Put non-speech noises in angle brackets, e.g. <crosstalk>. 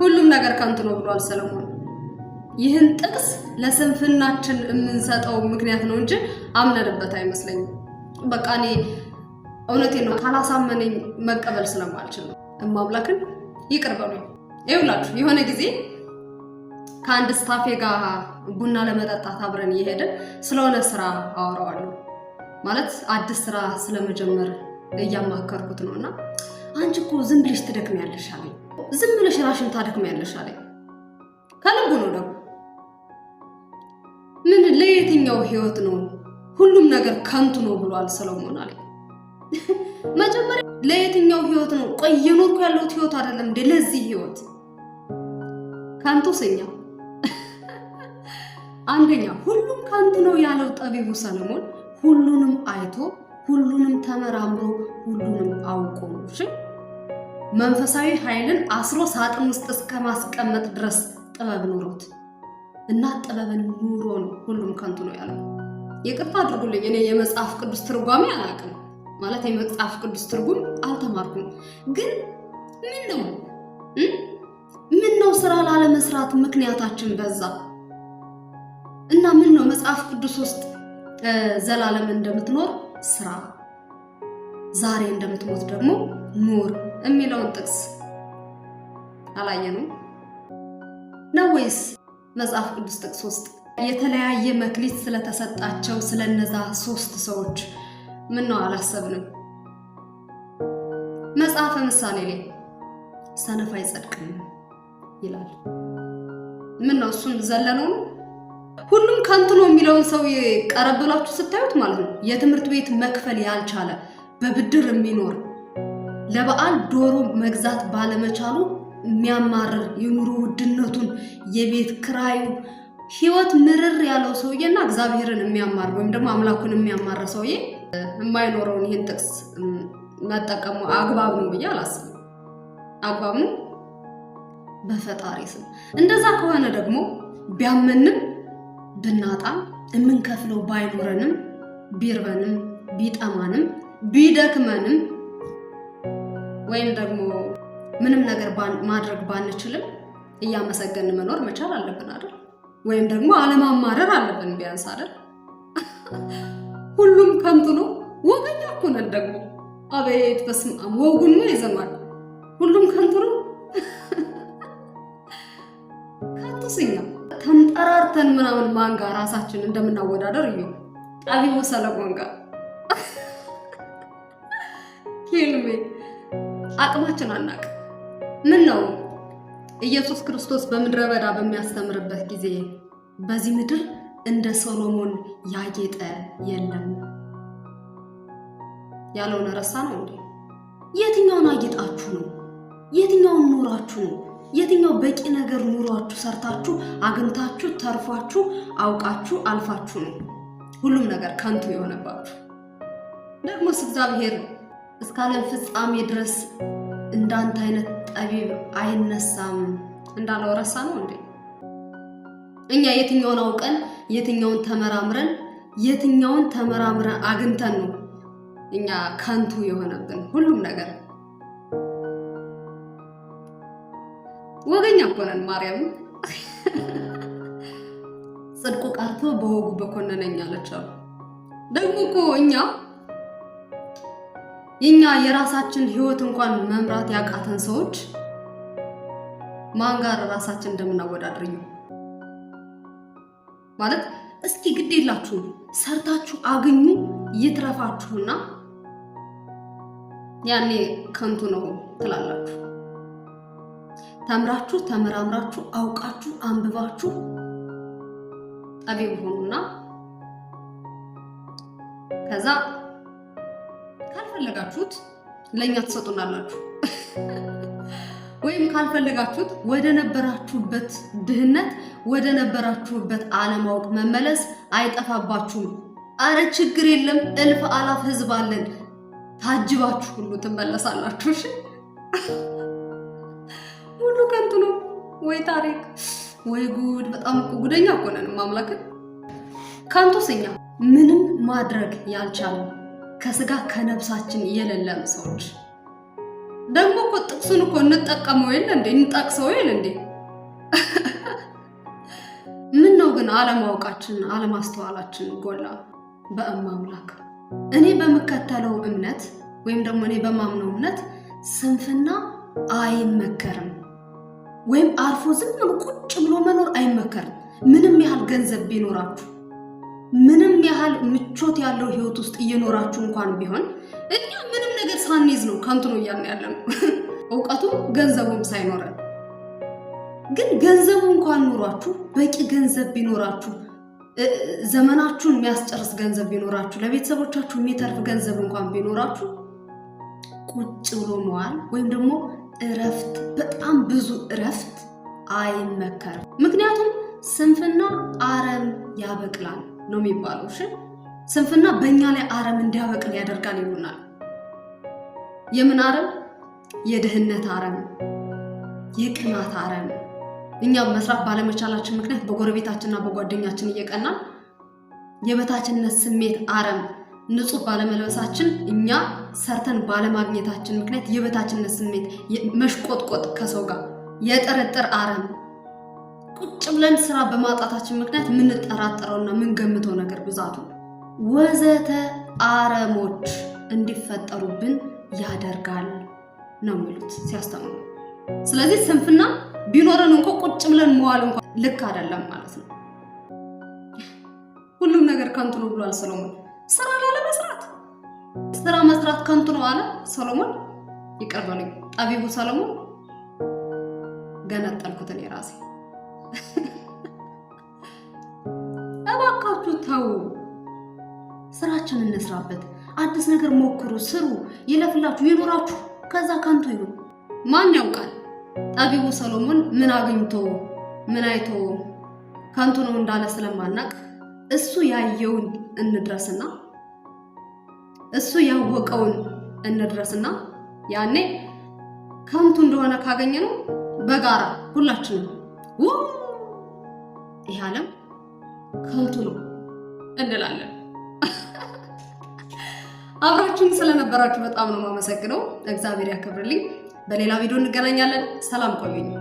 ሁሉም ነገር ከንቱ ነው ብሏል ሰለሞን። ይህን ጥቅስ ለስንፍናችን የምንሰጠው ምክንያት ነው እንጂ አምነንበት አይመስለኝም። በቃ እኔ እውነቴ ነው ካላሳመነኝ መቀበል ስለማልችል ነው። እማምላክን ይቅር በሉኝ። ይውላችሁ የሆነ ጊዜ ከአንድ ስታፌ ጋር ቡና ለመጠጣት አብረን እየሄድን ስለሆነ ስራ አወራዋለሁ። ማለት አዲስ ስራ ስለመጀመር እያማከርኩት ነው እና አንቺ እኮ ዝም ብለሽ ትደክሚያለሽ አለኝ። ዝም ራሽን ታደክሚያለሽ አለኝ። ከልቡ ነው ደግሞ ምን ለየትኛው ህይወት ነው ሁሉም ነገር ከንቱ ነው ብሏል ሰለሞን አለ። መጀመሪያ ለየትኛው ህይወት ነው? ቆይ እየኖርኩ ያለሁት ህይወት አይደለም እንዴ? ለዚህ ህይወት ከንቱ ሰኛ አንደኛ ሁሉም ከንቱ ነው ያለው ጠቢቡ ሰለሞን ሁሉንም አይቶ ሁሉንም ተመራምሮ ሁሉንም አውቆ ነው። መንፈሳዊ ኃይልን አስሮ ሳጥን ውስጥ እስከ ማስቀመጥ ድረስ ጥበብ ኑሮት እና ጥበብን ኑሮ ነው ሁሉም ከንቱ ነው ያለው። ይቅርታ አድርጉልኝ፣ እኔ የመጽሐፍ ቅዱስ ትርጓሜ አላውቅም፣ ማለት የመጽሐፍ ቅዱስ ትርጉም አልተማርኩም። ግን ምን ነው ምን ነው ስራ ላለመስራት ምክንያታችን በዛ እና ምን ነው መጽሐፍ ቅዱስ ውስጥ ዘላለም እንደምትኖር ስራ ዛሬ እንደምትሞት ደግሞ ኑር የሚለውን ጥቅስ አላየ ነው ወይስ መጽሐፍ ቅዱስ ጥቅስ ውስጥ የተለያየ መክሊት ስለተሰጣቸው ስለነዛ ሶስት ሰዎች ምን ነው አላሰብንም? መጽሐፈ ምሳሌ ላይ ሰነፍ አይጸድቅም ይላል። ምን ነው እሱን ዘለነው ነው ሁሉም ከንቱ ነው የሚለውን ሰው ቀረብ ስታዩት ማለት ነው የትምህርት ቤት መክፈል ያልቻለ በብድር የሚኖር ለበዓል ዶሮ መግዛት ባለመቻሉ የሚያማርር የኑሮ ውድነቱን፣ የቤት ክራዩ፣ ህይወት ምርር ያለው ሰውዬና እግዚአብሔርን የሚያማር ወይም ደግሞ አምላኩን የሚያማር ሰውዬ የማይኖረውን ይህን ጥቅስ መጠቀሙ አግባብ ነው ብዬ አላስብም። አግባብ ነው በፈጣሪ ስም። እንደዛ ከሆነ ደግሞ ቢያመንም ብናጣም የምንከፍለው ባይኖረንም ቢርበንም ቢጠማንም ቢደክመንም ወይም ደግሞ ምንም ነገር ማድረግ ባንችልም እያመሰገን መኖር መቻል አለብን አይደል? ወይም ደግሞ አለማማረር አለብን ቢያንስ አይደል? <laughs> ሁሉም ከንቱ ነው። ወገኛ እኮ ነን ደግሞ አቤት በስመ አብ ነው ይዘማል። ሁሉም ከንቱ ነው። <laughs> ከንቱስኛ ተንጠራርተን ምናምን ማን ጋር ራሳችን እንደምናወዳደር እዩ ጠቢቡ ሰለሞን ጋር ሄልሜ አቅማችን አናቅ ምን ነው ኢየሱስ ክርስቶስ በምድረ በዳ በሚያስተምርበት ጊዜ በዚህ ምድር እንደ ሶሎሞን ያጌጠ የለም ያለውን ረሳ ነው እንዴ? የትኛውን አጌጣችሁ ነው? የትኛውን ኑሯችሁ ነው? የትኛው በቂ ነገር ኑሯችሁ ሰርታችሁ አግኝታችሁ ተርፏችሁ አውቃችሁ አልፋችሁ ነው ሁሉም ነገር ከንቱ የሆነባችሁ? ደግሞስ እግዚአብሔር እስከ ዓለም ፍጻሜ ድረስ እንዳንተ አይነት ጠቢብ አይነሳም እንዳለው ረሳ ነው እንዴ? እኛ የትኛውን አውቀን የትኛውን ተመራምረን የትኛውን ተመራምረን አግኝተን ነው እኛ ከንቱ የሆነብን ሁሉም ነገር ወገኛ እኮ ነን። ማርያም <laughs> ጽድቁ ቀርቶ በወጉ በኮነነኝ አለች። ደግሞ እኮ እኛ የኛ የራሳችን ህይወት እንኳን መምራት ያቃተን ሰዎች ማን ጋር ራሳችን እንደምናወዳድርኝ ማለት እስኪ ግድ የላችሁ ሰርታችሁ አግኙ ይትረፋችሁና ያኔ ከንቱ ነው ትላላችሁ። ተምራችሁ ተመራምራችሁ አውቃችሁ አንብባችሁ ጠቢብ ሆኑና ከዛ ከፈለጋችሁት ለእኛ ትሰጡናላችሁ፣ ወይም ካልፈለጋችሁት ወደ ነበራችሁበት ድህነት፣ ወደ ነበራችሁበት አለማወቅ መመለስ አይጠፋባችሁም። አረ ችግር የለም እልፍ አላፍ ህዝብ አለን። ታጅባችሁ ሁሉ ትመለሳላችሁ። እሺ ሁሉ ከንቱ ነው ወይ ታሪክ ወይ ጉድ! በጣም እኮ ጉደኛ እኮ ነን። ማምላክን ከንቱስ እኛ ምንም ማድረግ ያልቻለን ከስጋ ከነብሳችን የሌለን ሰዎች ደግሞ እኮ ጥቅሱን እኮ እንጠቀመው የለ እንዴ? እንጠቅሰው የለ እንዴ? <laughs> ምን ነው ግን አለማወቃችን አለማስተዋላችን ጎላ። በእማምላክ እኔ በምከተለው እምነት ወይም ደግሞ እኔ በማምነው እምነት ስንፍና አይመከርም፣ ወይም አልፎ ዝም ብሎ ቁጭ ብሎ መኖር አይመከርም። ምንም ያህል ገንዘብ ቢኖራችሁ ያህል ምቾት ያለው ህይወት ውስጥ እየኖራችሁ እንኳን ቢሆን እኛ ምንም ነገር ሳንይዝ ነው ከንቱ ነው እያልን ያለ ነው። <laughs> እውቀቱም ገንዘቡም ሳይኖረን ግን ገንዘቡ እንኳን ኖሯችሁ በቂ ገንዘብ ቢኖራችሁ ዘመናችሁን የሚያስጨርስ ገንዘብ ቢኖራችሁ ለቤተሰቦቻችሁ የሚተርፍ ገንዘብ እንኳን ቢኖራችሁ ቁጭ ብሎ መዋል ወይም ደግሞ እረፍት፣ በጣም ብዙ እረፍት አይመከርም። ምክንያቱም ስንፍና አረም ያበቅላል። ነው የሚባለው። እሺ ስንፍና በእኛ ላይ አረም እንዲያበቅል ያደርጋል ይሉናል። የምን አረም? የድህነት አረም፣ የቅናት አረም። እኛ መስራት ባለመቻላችን ምክንያት በጎረቤታችንና በጓደኛችን እየቀናን የበታችነት ስሜት አረም፣ ንጹህ ባለመልበሳችን እኛ ሰርተን ባለማግኘታችን ምክንያት የበታችነት ስሜት፣ መሽቆጥቆጥ፣ ከሰው ጋር የጥርጥር አረም ቁጭ ብለን ስራ በማጣታችን ምክንያት የምንጠራጠረውና የምንገምተው ነገር ብዛቱ ወዘተ አረሞች እንዲፈጠሩብን ያደርጋል ነው የሚሉት ሲያስተምሩ። ስለዚህ ስንፍና ቢኖረን እንኳ ቁጭ ብለን መዋል እንኳ ልክ አይደለም ማለት ነው። ሁሉም ነገር ከንቱ ነው ብሏል ሰሎሞን። ስራ ላለመስራት ስራ መስራት ከንቱ ነው አለ ሰሎሞን። ይቅር በሉኝ ጠቢቡ ሰሎሞን፣ ገነጠልኩትን የራሴ እባካችሁ ተው፣ ስራችን እንስራበት። አዲስ ነገር ሞክሩ፣ ስሩ፣ ይለፍላችሁ፣ ይኖራችሁ። ከዛ ከንቱ ይሉ ማን ያውቃል? ጠቢቡ ሰሎሞን ምን አግኝቶ ምን አይቶ ከንቱ ነው እንዳለ ስለማናቅ እሱ ያየውን እንድረስና እሱ ያወቀውን እንድረስና ያኔ ከንቱ እንደሆነ ካገኘ ነው በጋራ ሁላችንም ይህ ዓለም ከንቱ ነው እንላለን። አብራችሁን ስለነበራችሁ በጣም ነው የማመሰግነው። እግዚአብሔር ያከብርልኝ። በሌላ ቪዲዮ እንገናኛለን። ሰላም ቆዩኝ።